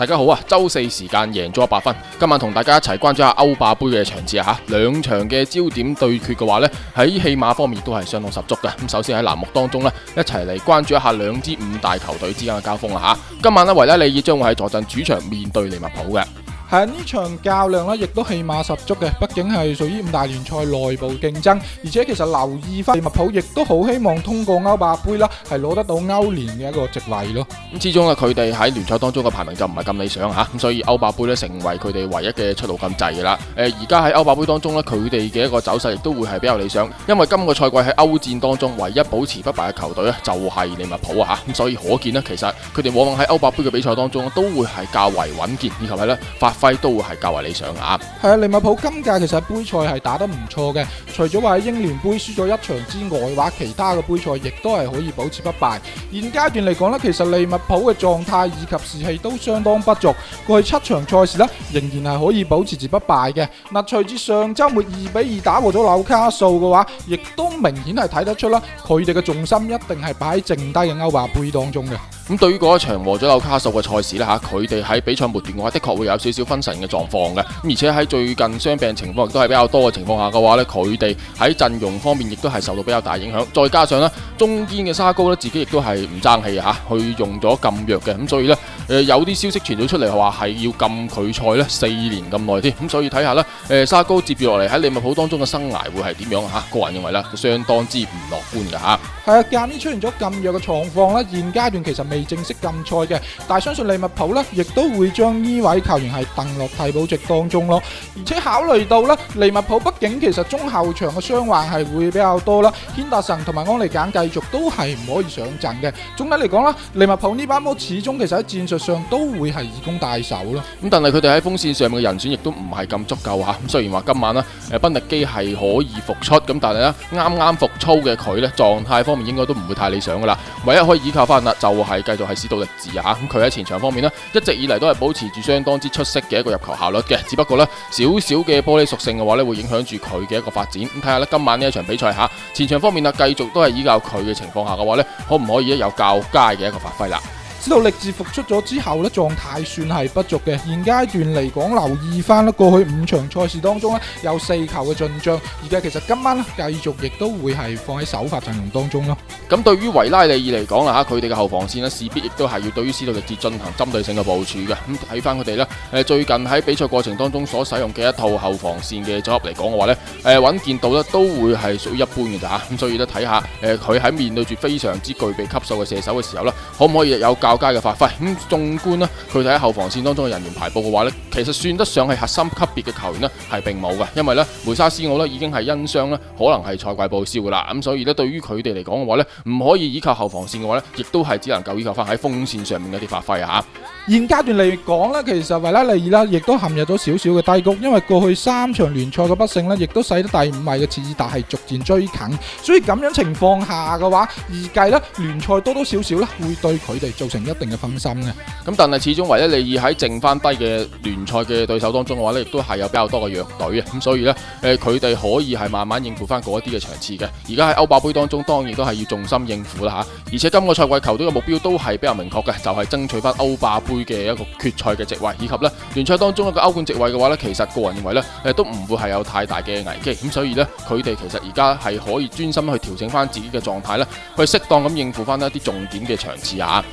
大家好啊！周四時間贏足 100FUN，今晚同大家一齊關注下歐霸盃嘅場次啊吓，兩場嘅焦點對決嘅話呢，喺戲碼方面都係相當十足嘅。咁首先喺欄目當中呢，一齊嚟關注一下兩支五大球隊之間嘅交鋒啦吓。今晚呢，維拉利爾將會喺坐鎮主場面對利物浦嘅。係呢場較量啦，亦都氣馬十足嘅，畢竟係屬於五大聯賽內部競爭。而且其實留意翻利物浦，亦都好希望通過歐霸杯啦，係攞得到歐聯嘅一個席位咯。咁始終呢，佢哋喺聯賽當中嘅排名就唔係咁理想吓，咁所以歐霸杯咧成為佢哋唯一嘅出路咁滯啦。誒，而家喺歐霸杯當中呢，佢哋嘅一個走勢亦都會係比較理想，因為今個賽季喺歐戰當中唯一保持不敗嘅球隊呢，就係利物浦啊吓，咁所以可見呢，其實佢哋往往喺歐霸杯嘅比賽當中都會係較為穩健，以及係呢。發。都會係較為理想啊！係啊，利物浦今屆其實杯賽係打得唔錯嘅，除咗話喺英聯杯輸咗一場之外，話其他嘅杯賽亦都係可以保持不敗。現階段嚟講呢，其實利物浦嘅狀態以及士氣都相當不俗，過去七場賽事呢，仍然係可以保持住不敗嘅。嗱，隨住上周末二比二打和咗紐卡素嘅話，亦都明顯係睇得出啦，佢哋嘅重心一定係擺喺剩低嘅歐霸杯當中嘅。咁、嗯、對於嗰一場和咗紐卡素嘅賽事呢，吓，佢哋喺比賽末段嘅話的確會有少少，分神嘅狀況嘅，咁而且喺最近傷病情況亦都係比較多嘅情況下嘅話呢，佢哋喺陣容方面亦都係受到比較大影響，再加上呢，中堅嘅沙高呢，自己亦都係唔爭氣啊，去用咗禁藥嘅，咁所以呢。誒有啲消息傳咗出嚟，話係要禁佢賽咧四年咁耐添，咁所以睇下咧，誒沙高接住落嚟喺利物浦當中嘅生涯會係點樣啊？嚇，個人認為咧，相當之唔樂觀嘅嚇。係啊，今年出現咗禁藥嘅狀況咧，現階段其實未正式禁賽嘅，但係相信利物浦咧，亦都會將呢位球員係掟落替補席當中咯。而且考慮到咧，利物浦畢竟其實中後場嘅傷患係會比較多啦，堅達臣同埋安利簡繼續都係唔可以上陣嘅。總體嚟講啦，利物浦呢班波始終其實喺戰術上都會係以攻帶守咯。咁但係佢哋喺鋒線上面嘅人選亦都唔係咁足夠嚇。咁雖然話今晚呢，誒賓迪基係可以復出，咁但係呢，啱啱復操嘅佢呢，狀態方面應該都唔會太理想噶啦。唯一可以依靠翻啦就係、是、繼續係史杜力治嚇。咁佢喺前場方面呢，一直以嚟都係保持住相當之出色嘅一個入球效率嘅。只不過呢，少少嘅玻璃屬性嘅話呢，會影響住佢嘅一個發展。咁睇下呢，今晚呢一場比賽嚇前場方面啦，繼續都係依靠佢嘅情況下嘅話呢，可唔可以有較佳嘅一個發揮啦？斯托力治復出咗之後呢，狀態算係不俗嘅，現階段嚟講留意翻咧，過去五場賽事當中呢，有四球嘅進賬，而家其實今晚咧，繼續亦都會係放喺首發陣容當中咯。咁對於維拉利爾嚟講啦，佢哋嘅後防線呢，勢必亦都係要對於斯托力治進行針對性嘅部署嘅。咁睇翻佢哋呢，誒最近喺比賽過程當中所使用嘅一套後防線嘅組合嚟講嘅話呢，誒穩健度咧都會係屬於一般嘅咋。咁所以呢，睇下誒佢喺面對住非常之具備級數嘅射手嘅時候呢，可唔可以有跑街嘅發揮咁，縱觀咧，佢哋喺後防線當中嘅人員排布嘅話咧，其實算得上係核心級別嘅球員咧，係並冇嘅。因為咧，梅沙斯奧咧已經係因傷咧，可能係賽季報銷噶啦。咁所以咧，對於佢哋嚟講嘅話咧，唔可以依靠後防線嘅話咧，亦都係只能夠依靠翻喺鋒線上面一啲發揮啊。現階段嚟講咧，其實維拉利爾咧亦都陷入咗少少嘅低谷，因為過去三場聯賽嘅不勝咧，亦都使得第五位嘅次爾達係逐漸追近。所以咁樣情況下嘅話，預計咧聯賽多多少少咧會對佢哋造成。唔一定嘅分心嘅，咁但係始終唯一利要喺剩翻低嘅聯賽嘅對手當中嘅話咧，亦都係有比較多嘅弱隊嘅，咁所以咧，誒佢哋可以係慢慢應付翻嗰一啲嘅場次嘅。而家喺歐霸杯當中，當然都係要重心應付啦吓，而且今個賽季球隊嘅目標都係比較明確嘅，就係、是、爭取翻歐霸杯嘅一個決賽嘅席位，以及咧聯賽當中一個歐冠席位嘅話咧，其實個人認為咧，誒都唔會係有太大嘅危機，咁所以咧，佢哋其實而家係可以專心去調整翻自己嘅狀態咧，去適當咁應付翻一啲重點嘅場次啊。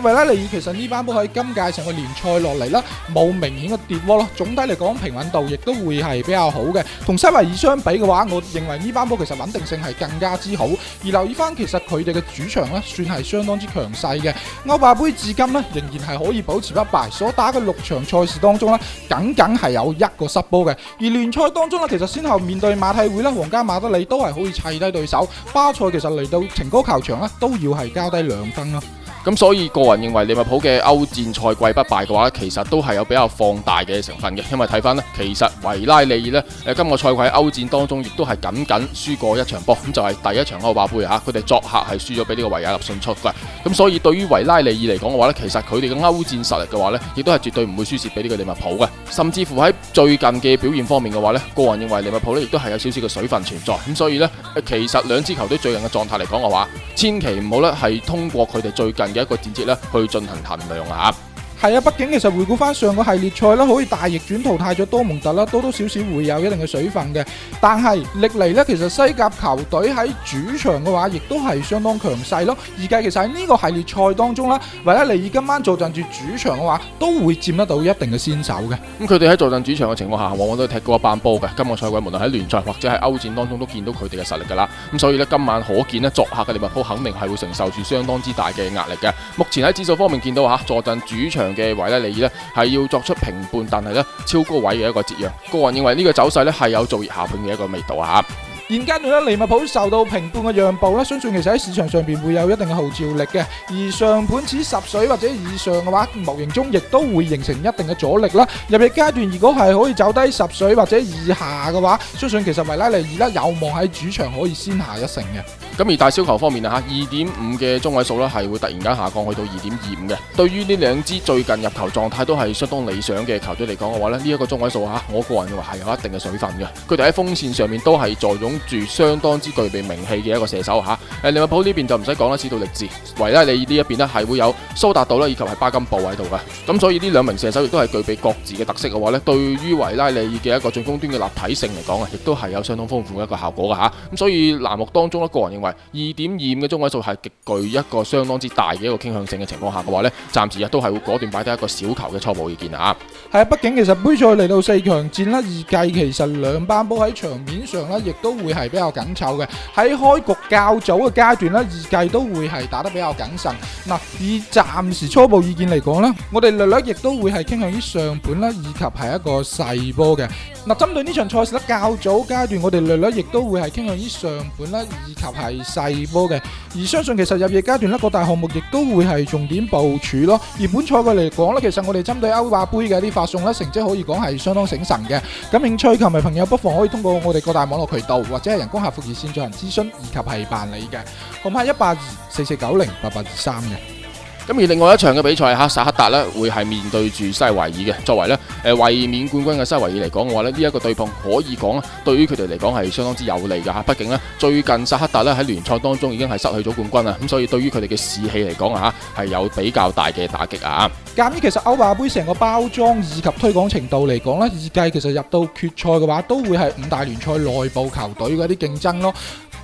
維拉尼爾其實呢班波喺今屆成個聯賽落嚟啦，冇明顯嘅跌窩咯。總體嚟講，平穩度亦都會係比較好嘅。同塞維爾相比嘅話，我認為呢班波其實穩定性係更加之好。而留意翻，其實佢哋嘅主場咧，算係相當之強勢嘅。歐霸杯至今咧，仍然係可以保持不敗。所打嘅六場賽事當中咧，僅僅係有一個失波嘅。而聯賽當中咧，其實先後面對馬體會啦、皇家馬德里都係可以砌低對手。巴塞其實嚟到情歌球場咧，都要係交低兩分咯。咁所以個人認為利物浦嘅歐戰賽季不敗嘅話呢，其實都係有比較放大嘅成分嘅，因為睇翻呢，其實維拉利爾呢，誒今個賽季喺歐戰當中亦都係僅僅輸過一場波，咁就係第一場歐霸杯嚇，佢哋作客係輸咗俾呢個維也納迅速嘅。咁所以對於維拉利爾嚟講嘅話呢，其實佢哋嘅歐戰實力嘅話呢，亦都係絕對唔會輸蝕俾呢個利物浦嘅，甚至乎喺最近嘅表現方面嘅話呢，個人認為利物浦呢亦都係有少少嘅水分存在。咁所以呢，其實兩支球隊最近嘅狀態嚟講嘅話，千祈唔好呢係通過佢哋最近。有一個轉折咧，去進行衡量啊。係啊，畢竟其實回顧翻上個系列賽啦，可以大逆轉淘汰咗多蒙特啦，多多少少會有一定嘅水分嘅。但係歷嚟呢，其實西甲球隊喺主場嘅話，亦都係相當強勢咯。而家其實喺呢個系列賽當中啦，維拉利爾今晚坐鎮住主場嘅話，都會佔得到一定嘅先手嘅。咁佢哋喺坐鎮主場嘅情況下，往往都踢過一班波嘅。今個賽季無論喺聯賽或者係歐戰當中，都見到佢哋嘅實力㗎喇。咁所以呢，今晚可見呢，作客嘅利物浦肯定係會承受住相當之大嘅壓力嘅。目前喺指數方面見到吓，坐鎮主場嘅維拉利爾咧係要作出平半，但係咧超高位嘅一個折讓，個人認為呢個走勢咧係有做下盤嘅一個味道啊！現階段咧利物浦受到平半嘅讓步咧，相信其實喺市場上邊會有一定嘅號召力嘅，而上盤似十水或者以上嘅話，無形中亦都會形成一定嘅阻力啦。入夜階段如果係可以走低十水或者以下嘅話，相信其實維拉利爾咧有望喺主場可以先下一城嘅。咁而大小球方面啊，吓二點五嘅中位數呢係會突然間下降去到二點二五嘅。對於呢兩支最近入球狀態都係相當理想嘅球隊嚟講嘅話咧，呢、這、一個中位數吓，我個人認為係有一定嘅水分嘅。佢哋喺鋒線上面都係坐擁住相當之具備名氣嘅一個射手吓。誒、啊、利物浦呢邊就唔使講啦，知道力志維拉利爾呢一邊咧係會有蘇達道啦，以及係巴金布喺度嘅。咁所以呢兩名射手亦都係具備各自嘅特色嘅話咧，對於維拉利爾嘅一個進攻端嘅立體性嚟講啊，亦都係有相當豐富嘅一個效果噶吓。咁、啊、所以欄目當中咧，個人認為。二點二五嘅中位數係極具一個相當之大嘅一個傾向性嘅情況下嘅話咧，暫時啊都係會果斷擺低一個小球嘅初步意見啦嚇。係啊，畢竟其實杯賽嚟到四強戰咧，預計其實兩班波喺場面上咧，亦都會係比較緊湊嘅。喺開局較早嘅階段咧，預計都會係打得比較謹慎。嗱，以暫時初步意見嚟講咧，我哋略略亦都會係傾向於上盤啦，以及係一個細波嘅。嗱，針對呢場賽事咧，較早階段我哋略略亦都會係傾向於上盤啦，以及係細波嘅。而相信其實入夜階段咧，各大項目亦都會係重點部署咯。而本賽季嚟講咧，其實我哋針對歐霸杯嘅啲發送咧，成績可以講係相當醒神嘅。感興趣球迷朋友不妨可以通過我哋各大網絡渠道或者係人工客服熱線進行諮詢，以及係辦理嘅，號碼一八二四四九零八八二三嘅。咁而另外一場嘅比賽嚇，薩克達呢會係面對住西維爾嘅。作為呢誒，衛冕冠軍嘅西維爾嚟講嘅話呢，呢一個對碰可以講啊，對於佢哋嚟講係相當之有利㗎嚇。畢竟呢，最近薩克達呢喺聯賽當中已經係失去咗冠軍啊，咁所以對於佢哋嘅士氣嚟講啊，係有比較大嘅打擊啊。鑑於其實歐霸杯成個包裝以及推廣程度嚟講呢，預計其實入到決賽嘅話，都會係五大聯賽內部球隊嘅一啲競爭咯。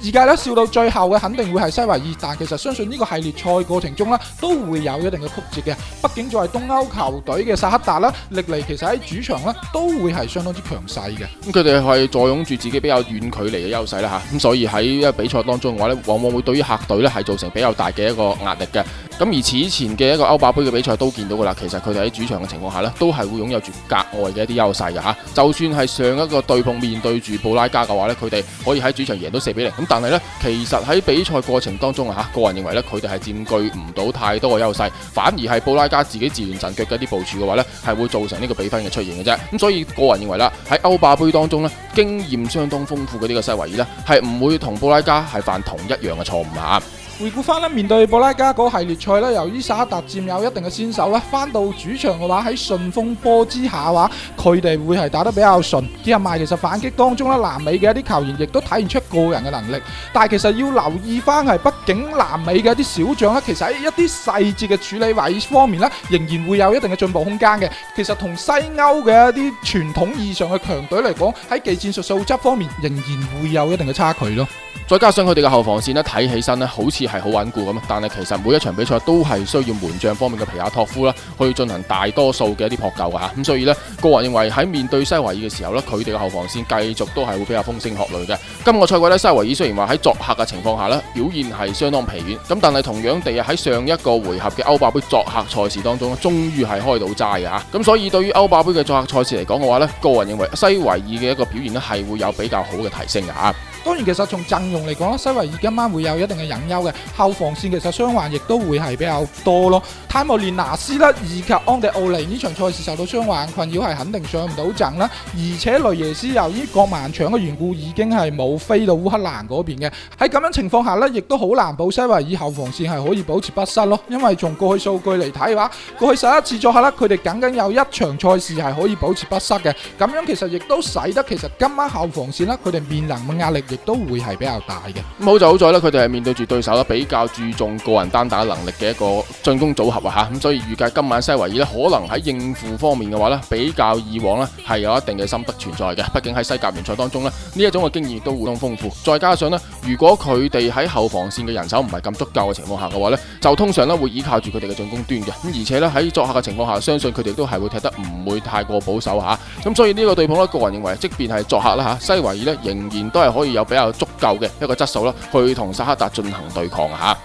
而家咧笑到最後嘅肯定會係西維爾，但其實相信呢個系列賽過程中咧都會有一定嘅曲折嘅。畢竟作為東歐球隊嘅薩克達啦，歷嚟其實喺主場咧都會係相當之強勢嘅。咁佢哋係坐擁住自己比較遠距離嘅優勢啦吓，咁、啊、所以喺一比賽當中嘅話咧，往往會對於客隊咧係造成比較大嘅一個壓力嘅。咁而此前嘅一個歐霸杯嘅比賽都見到噶啦，其實佢哋喺主場嘅情況下咧都係會擁有住格外嘅一啲優勢嘅吓、啊。就算係上一個對碰面對住布拉加嘅話咧，佢哋可以喺主場贏到四比零但係咧，其實喺比賽過程當中啊，個人認為咧，佢哋係佔據唔到太多嘅優勢，反而係布拉加自己自亂陣腳嘅一啲部署嘅話咧，係會造成呢個比分嘅出現嘅啫。咁所以個人認為啦，喺歐霸杯當中咧，經驗相當豐富嘅呢個西維爾呢，係唔會同布拉加係犯同一樣嘅錯誤嚇。回顧翻面對布拉加嗰系列賽咧，由於薩克達佔有一定嘅先手咧，翻到主場嘅話，喺順風波之下話，佢哋會係打得比較順。幾廿邁其實反擊當中，南美嘅一啲球員亦都體現出個人嘅能力，但係其實要留意翻係，畢竟南美嘅一啲小將其實喺一啲細節嘅處理位方面呢，仍然會有一定嘅進步空間嘅。其實同西歐嘅一啲傳統以上嘅強隊嚟講，喺技戰術素質方面，仍然會有一定嘅差距咯。再加上佢哋嘅後防線咧，睇起身咧好似係好穩固咁，但係其實每一場比賽都係需要門將方面嘅皮亞托夫啦，去進行大多數嘅一啲撲救嘅吓。咁所以呢，個人認為喺面對西維爾嘅時候呢，佢哋嘅後防線繼續都係會比較風聲鶴唳嘅。今個賽季呢，西維爾雖然話喺作客嘅情況下咧，表現係相當疲軟，咁但係同樣地啊喺上一個回合嘅歐霸杯作客賽事當中，終於係開到齋嘅吓。咁所以對於歐霸杯嘅作客賽事嚟講嘅話呢，個人認為西維爾嘅一個表現咧係會有比較好嘅提升嘅吓。當然其實從陣容嚟講啦，西維爾今晚會有一定嘅隱憂嘅，後防線其實傷患亦都會係比較多咯。泰莫連拿斯啦，以及安迪奧尼呢場賽事受到傷患困擾係肯定上唔到陣啦。而且雷耶斯由於國漫搶嘅緣故已經係冇飛到烏克蘭嗰邊嘅，喺咁樣情況下呢，亦都好難保西維爾後防線係可以保持不失咯。因為從過去數據嚟睇嘅話，過去十一次作客啦，佢哋僅僅有一場賽事係可以保持不失嘅。咁樣其實亦都使得其實今晚後防線呢，佢哋面臨嘅壓力。亦都會係比較大嘅，咁好就好在呢，佢哋係面對住對手咧比較注重個人單打能力嘅一個進攻組合啊嚇，咁所以預計今晚西維爾咧可能喺應付方面嘅話呢，比較以往咧係有一定嘅心得存在嘅，畢竟喺西甲聯賽當中呢，呢一種嘅經驗亦都相當豐富，再加上呢，如果佢哋喺後防線嘅人手唔係咁足夠嘅情況下嘅話呢，就通常呢會依靠住佢哋嘅進攻端嘅，咁而且呢，喺作客嘅情況下，相信佢哋都係會踢得唔會太過保守嚇，咁所以呢個對碰咧，個人認為，即便係作客啦嚇，西維爾咧仍然都係可以有有比較足夠嘅一個質素啦，去同薩克達進行對抗吓。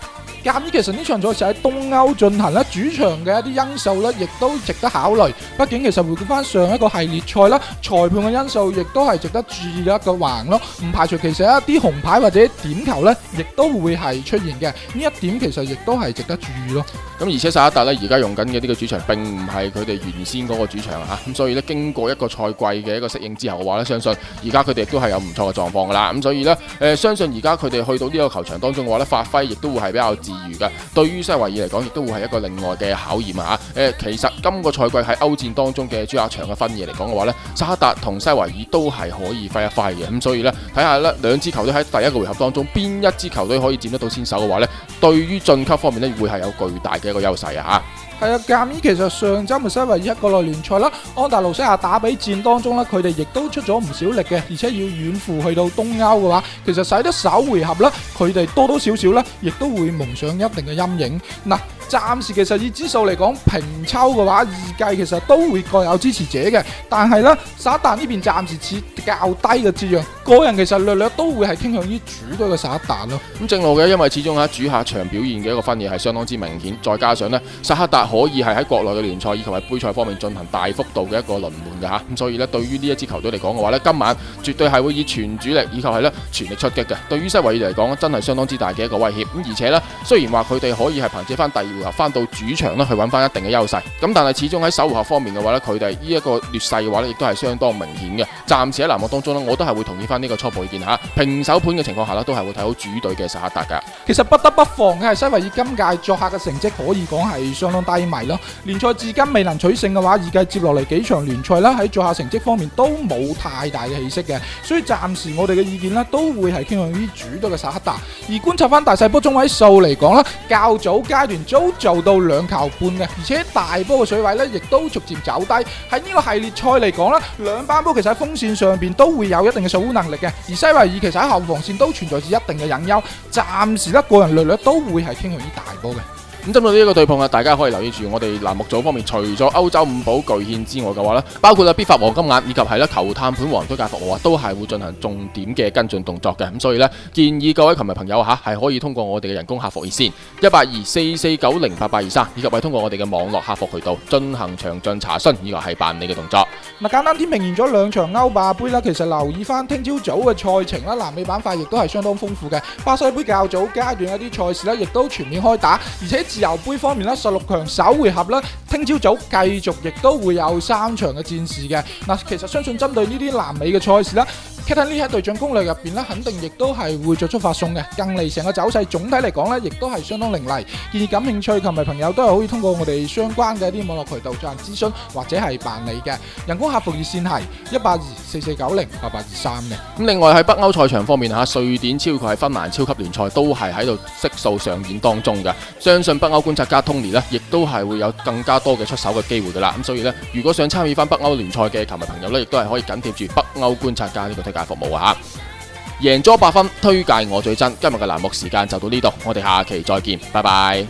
咁其實呢場賽事喺東歐進行啦。主場嘅一啲因素咧，亦都值得考慮。畢竟其實回顧翻上一個系列賽啦，裁判嘅因素亦都係值得注意嘅一個環咯。唔排除其實一啲紅牌或者點球咧，亦都會係出現嘅。呢一點其實亦都係值得注意咯。咁而且薩克達咧而家用緊嘅呢個主場並唔係佢哋原先嗰個主場啊，咁所以咧經過一個賽季嘅一個適應之後，嘅話咧相信而家佢哋都係有唔錯嘅狀況噶啦。咁所以咧，誒相信而家佢哋去到呢個球場當中嘅話咧，發揮亦都會係比較自如噶，對於西維爾嚟講，亦都會係一個另外嘅考驗啊！誒，其實今個賽季喺歐戰當中嘅主客場嘅分野嚟講嘅話呢，沙達同西維爾都係可以分一塊嘅，咁所以呢，睇下咧兩支球隊喺第一個回合當中邊一支球隊可以佔得到先手嘅話呢，對於進級方面咧，會係有巨大嘅一個優勢啊！嚇。係啊，鑑於其實上週咪西維爾一個內聯賽啦，安達魯西亞打比戰當中咧，佢哋亦都出咗唔少力嘅，而且要遠赴去到東歐嘅話，其實使得首回合啦，佢哋多多少少咧，亦都會蒙上一定嘅陰影。嗱，暫時其實以指數嚟講，平抽嘅話，預計其實都會各有支持者嘅，但係咧，撒旦呢邊暫時似較低嘅節量。個人其實略略都會係傾向於主隊嘅薩克達咯。咁正路嘅，因為始終喺主客場表現嘅一個分野係相當之明顯，再加上呢，薩克達可以係喺國內嘅聯賽以及係杯賽方面進行大幅度嘅一個輪換㗎吓，咁所以呢，對於呢一支球隊嚟講嘅話呢，今晚絕對係會以全主力以及係呢全力出擊嘅。對於西維爾嚟講，真係相當之大嘅一個威脅。咁而且呢，雖然話佢哋可以係憑借翻第二回合翻到主場呢去揾翻一定嘅優勢，咁但係始終喺首回合方面嘅話，話呢佢哋呢一個劣勢嘅話呢亦都係相當明顯嘅。暫時喺籃網當中呢我都係會同意呢個初步意見嚇，平手盤嘅情況下咧，都係會睇好主隊嘅薩克達㗎。其實不得不防嘅係西維爾今屆作客嘅成績可以講係相當低迷咯。聯賽至今未能取勝嘅話，預計接落嚟幾場聯賽啦，喺作客成績方面都冇太大嘅氣息嘅。所以暫時我哋嘅意見咧，都會係傾向於主隊嘅薩克達。而觀察翻大細波中位數嚟講啦，較早階段都做到兩球半嘅，而且大波嘅水位咧，亦都逐漸走低。喺呢個系列賽嚟講啦，兩班波其實喺風線上邊都會有一定嘅水力嘅，而西維爾其實喺後防線都存在住一定嘅隱憂，暫時呢個人略略都會係傾向於大波嘅。咁針對呢一個對碰啊，大家可以留意住我哋欄目組方面，除咗歐洲五寶巨獻之外嘅話咧，包括啦必發黃金眼以及係啦球探盤黃金解伏啊，都係會進行重點嘅跟進動作嘅。咁所以呢，建議各位球迷朋友嚇係可以通過我哋嘅人工客服熱線一八二四四九零八八二三，23，以及係通過我哋嘅網絡客服渠道進行詳盡查詢以及係辦理嘅動作。嗱，簡單點評完咗兩場歐霸杯啦，其實留意翻聽朝早嘅賽程啦，南美板塊亦都係相當豐富嘅。巴西杯較早階段一啲賽事咧，亦都全面開打，而且。自由杯方面咧，十六強首回合咧，聽朝早繼續亦都會有三場嘅戰事嘅。嗱，其實相信針對呢啲南美嘅賽事咧。睇喺呢一對象攻略入邊呢，肯定亦都係會作出發送嘅。近嚟成個走勢總體嚟講呢，亦都係相當凌厲。建議感興趣球迷朋友都係可以通過我哋相關嘅一啲網絡渠道進行諮詢或者係辦理嘅。人工客服熱線係一八二四四九零八八二三嘅。咁另外喺北歐賽場方面嚇，瑞典超級係芬蘭超級聯賽都係喺度悉數上演當中嘅。相信北歐觀察家 Tony 呢，亦都係會有更加多嘅出手嘅機會噶啦。咁所以呢，如果想參與翻北歐聯賽嘅球迷朋友呢，亦都係可以緊貼住北歐觀察家呢度聽。服務啊，贏咗八分，推介我最真。今日嘅欄目時間就到呢度，我哋下期再見，拜拜。